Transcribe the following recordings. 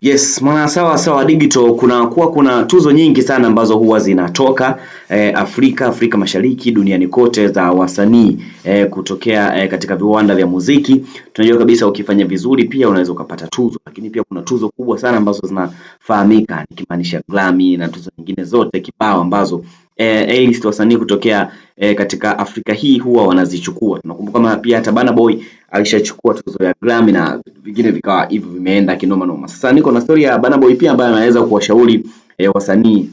Yes, mwana sawa sawa digital kuna kuwa kuna tuzo nyingi sana ambazo huwa zinatoka e, Afrika, Afrika Mashariki, duniani kote za wasanii e, kutokea e, katika viwanda vya muziki. Tunajua kabisa ukifanya vizuri pia unaweza ukapata tuzo, lakini pia kuna tuzo kubwa sana ambazo zinafahamika nikimaanisha Grammy na tuzo nyingine zote kibao ambazo e, list wasanii kutokea e, katika Afrika hii huwa wanazichukua. Tunakumbuka kama pia hata Burna Boy alishachukua tuzo ya Grammy na vingine vikawa hivyo vimeenda kinoma noma. Sasa niko na story ya Burna Boy pia ambaye anaweza kuwashauri eh, wasanii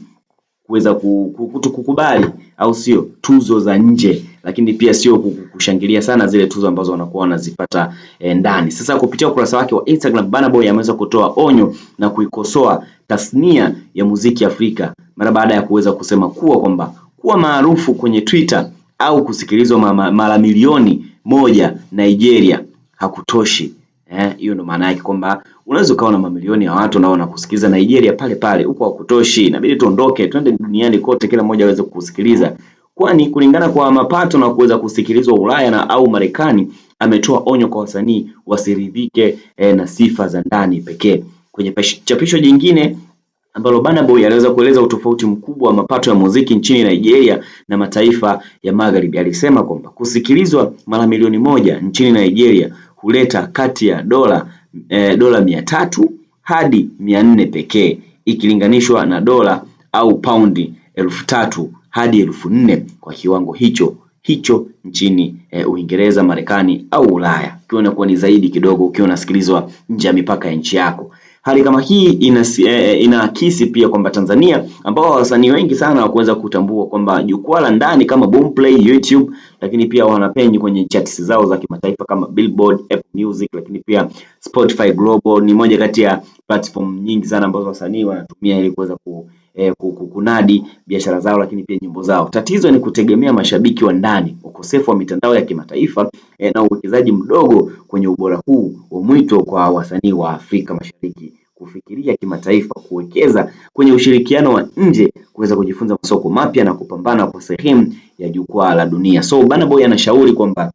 kuweza kukubali au sio tuzo za nje, lakini pia sio kushangilia sana zile tuzo ambazo wanakuwa wanazipata eh, ndani. Sasa kupitia ukurasa wake wa Instagram, Burna Boy ameweza kutoa onyo na kuikosoa tasnia ya muziki Afrika mara baada ya kuweza kusema kuwa kwamba kuwa maarufu kwenye Twitter au kusikilizwa mara milioni moja Nigeria hakutoshi. Eh, hiyo eh, ndo maana yake kwamba unaweza ukawa na mamilioni ya watu nao wanakusikiliza Nigeria pale pale, huko hakutoshi, inabidi tuondoke, twende duniani kote, kila mmoja aweze kusikiliza kwani kulingana kwa mapato na kuweza kusikilizwa Ulaya na au Marekani, ametoa onyo kwa wasanii wasiridhike eh, na sifa za ndani pekee. Kwenye chapisho jingine ambalo Burna Boy aliweza kueleza utofauti mkubwa wa mapato ya muziki nchini Nigeria na mataifa ya Magharibi. Alisema kwamba kusikilizwa mara milioni moja nchini Nigeria huleta kati ya dola e, dola mia tatu hadi mia nne pekee ikilinganishwa na dola au paundi elfu tatu hadi elfu nne kwa kiwango hicho hicho nchini e, Uingereza, Marekani au Ulaya, ukiona kuwa ni zaidi kidogo ukiwa unasikilizwa nje ya mipaka ya nchi yako. Hali kama hii inaakisi ina eh, eh, pia kwamba Tanzania ambao wasanii wengi sana wakuweza kutambua kwamba jukwaa la ndani kama Boomplay, YouTube, lakini pia wanapenyi kwenye charts zao za kimataifa kama Billboard, Apple Music, lakini pia Spotify Global ni moja kati ya platform nyingi sana ambazo wasanii wanatumia ili kuweza ku eh, kunadi biashara zao lakini pia nyimbo zao. Tatizo ni kutegemea mashabiki wa ndani, ukosefu wa mitandao ya kimataifa eh, na uwekezaji mdogo kwenye ubora huu wa mwito kwa wasanii wa Afrika Mashariki kufikiria kimataifa, kuwekeza kwenye ushirikiano wa nje, kuweza kujifunza masoko mapya na kupambana kwa sehemu ya jukwaa la dunia. So Burna Boy anashauri kwamba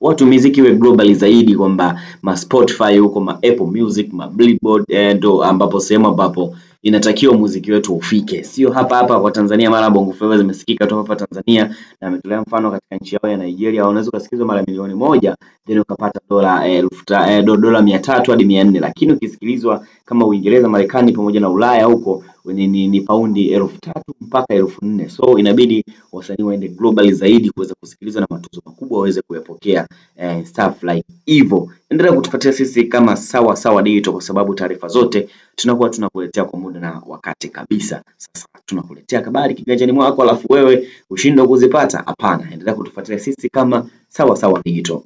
watu miziki iwe globally zaidi kwamba ma Spotify huko ma Apple Music ma Billboard eh, ndo ambapo sehemu ambapo inatakiwa muziki wetu ufike, sio hapa hapa kwa Tanzania. Mara Bongo Flava zimesikika tu hapa Tanzania, na ametolea mfano katika nchi yao ya Nigeria, unaweza ukasikizwa mara milioni moja then ukapata dola eh, elfu eh, dola mia tatu hadi mia nne lakini ukisikilizwa kama Uingereza, Marekani pamoja na Ulaya huko ni, ni paundi elfu tatu mpaka elfu nne so inabidi wasanii waende globally zaidi kuweza kusikilizwa na matuzo makubwa waweze kuyapokea eh, stuff like hivyo. Endelea kutufuatia sisi kama Sawa Sawa Digital kwa sababu taarifa zote tunakuwa tunakuletea kwa muda na wakati kabisa. Sasa tunakuletea habari kiganjani mwako, alafu wewe ushindwe kuzipata? Hapana, endelea kutufuatia sisi kama Sawa Sawa Digital.